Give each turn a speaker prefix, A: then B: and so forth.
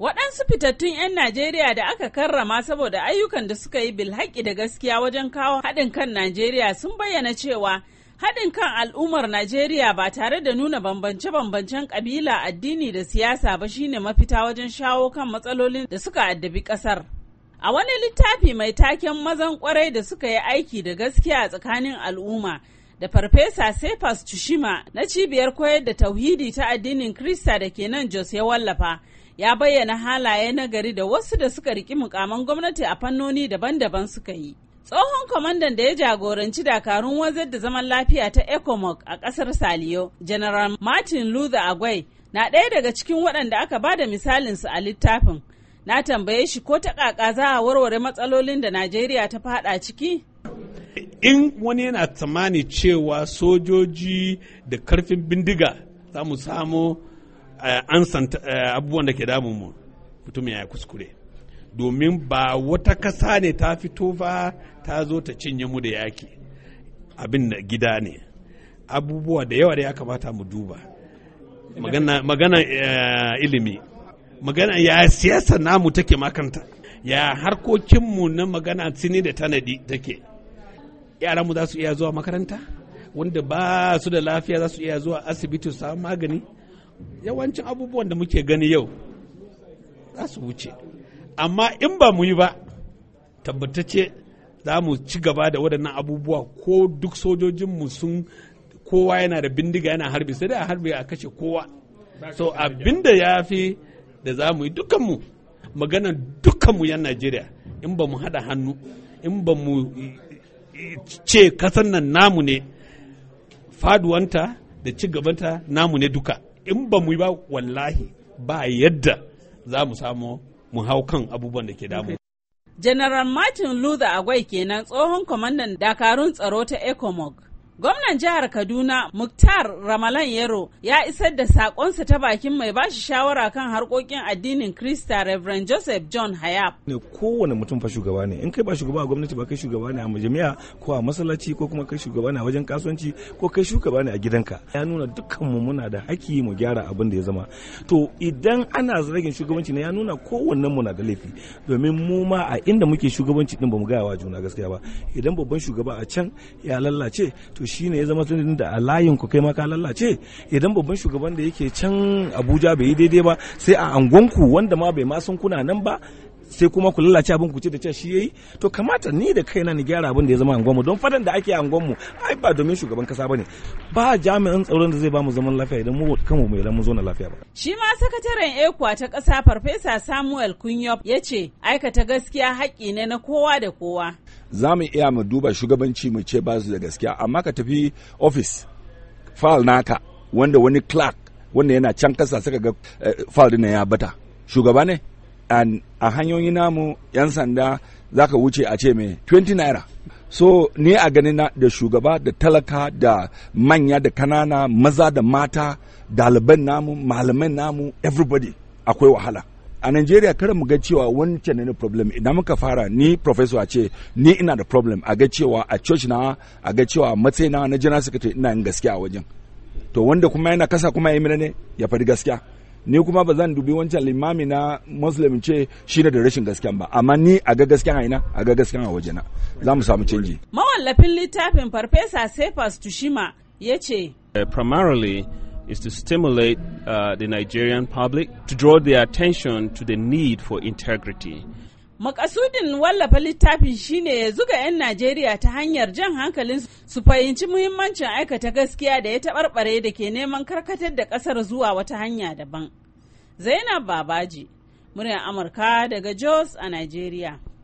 A: Waɗansu fitattun 'yan Najeriya da aka karrama saboda ayyukan da suka yi bilhaƙi da gaskiya wajen kawo haɗin kan Najeriya sun bayyana cewa haɗin kan al'ummar Najeriya ba tare da nuna bambance-bambancen ƙabila, addini da siyasa ba shine mafita wajen shawo kan matsalolin da suka addabi ƙasar. A wani littafi mai taken mazan kwarai da suka yi aiki da gaskiya tsakanin al'umma. da farfesa Cephas Tushima na cibiyar koyar da tauhidi ta addinin Krista da ke nan Jos ya wallafa ya bayyana halaye na gari da wasu da suka riki mukaman gwamnati a fannoni daban-daban suka yi. Tsohon kwamandan da ya jagoranci dakarun wazar da zaman lafiya ta ecomog a kasar Saliyo, General Martin Luther Agwai, na ɗaya daga cikin waɗanda aka ba da misalinsu a littafin. Na tambaye shi ko ta ƙaƙa za a warware matsalolin da Najeriya ta faɗa ciki?
B: In wani yana tsammani cewa sojoji da karfin bindiga za mu samu Eh, an santa eh, abubuwan da ke damun mu mutum ya kuskure domin ba wata kasa ne ta fito ba ta zo ta cinye mu da yaki abin da gida ne abubuwa da yawa da ya kamata mu duba magana, eh, ilimi magana ya siyasa namu take makanta ya harkokinmu na magana sini da tanadi take mu za su iya zuwa makaranta wanda ba su da lafiya za su iya zuwa asibiti su samu magani yawancin abubuwan da muke gani yau za su wuce amma in ba mu yi ba tabbatace za mu ci gaba da waɗannan abubuwa ko duk sojojinmu sun kowa yana da bindiga yana harbi sai dai a harbi a kashe kowa so abinda ya fi da za mu yi dukanmu maganar dukkanmu yan najeriya in ba mu haɗa hannu in ba mu ce kasan nan namu ne faduwanta da ci gabanta namu ne duka in ba mu yi ba wallahi ba yadda za mu samu mu hau kan abubuwan da ke damu.
A: General Martin Luther Agwai kenan tsohon kwamandan dakarun tsaro ta ECOMOG. Gwamnan jihar Kaduna Muktar Ramalan Yero ya isar da sakonsa ta bakin mai bashi shawara kan harkokin addinin Krista Reverend Joseph John Hayab.
C: Ne kowane mutum fa shugaba ne. In kai ba shugaba a gwamnati ba kai shugaba ne a majami'a ko a masallaci ko kuma kai shugaba ne a wajen kasuwanci ko kai shugaba ne a gidanka. Ya nuna dukkan mu muna da haƙƙi mu gyara abin da ya zama. To idan ana zargin shugabanci ne ya nuna kowannen mu na da laifi domin mu ma a inda muke shugabanci din ba mu gaya wa juna gaskiya ba. Idan babban shugaba a can ya lallace to shi shine ya zama tunanin da a layin ku kai ma ka lallace idan babban shugaban da yake can Abuja bai yi daidai ba sai a angonku wanda ma bai ma san kuna nan ba sai kuma ku lalace abin ku ce da ce shi yayi to kamata ni da kaina ni gyara abin da ya zama mu don fadan da ake mu ai ba domin shugaban kasa bane ba jami'an tsaron da zai ba mu zaman lafiya idan mu kanmu mai mu zo na lafiya ba
A: shi ma sakataren ekwa ta kasa farfesa samuel kunyop ya ce aikata gaskiya haƙƙi ne na kowa da kowa
D: za mu iya mu duba shugabanci mu ce ba su da gaskiya amma ka tafi ofis fal naka wanda wani clerk wanda yana can kasa suka ga eh, fal din ya bata shugaba ne a hanyoyi namu 'yan sanda za ka wuce a ce mai 20 naira so ni a ganina da shugaba da talaka da manya da kanana maza da mata daliban namu malaman namu everybody akwai wahala a Najeriya kada mu ga cewa wancan ne problem idan muka fara ni professor a ce ni ina da problem a ga cewa a church na a ga cewa matsayi na general secretary ina yin gaskiya a wajen to wanda kuma yana kasa kuma ya ne ya faɗi gaskiya ni kuma ba zan dubi wancan limami na muslim ce shi da rashin gaskiya ba amma ni a ga gaskiya a ina a ga gaskiya a wajena
B: za mu samu canji
A: mawallafin littafin farfesa sefas tushima ya ce
B: uh, primarily is to stimulate uh, the Nigerian public to draw their attention to the need for integrity
A: Makasudin wallafa littafin shine ya zuga 'yan Najeriya ta hanyar jan hankalin su fahimci muhimmancin aikata gaskiya da ya taɓarɓare da ke neman karkatar da ƙasar zuwa wata hanya daban. Zainab Babaji, muryar Amurka daga Jos a Najeriya.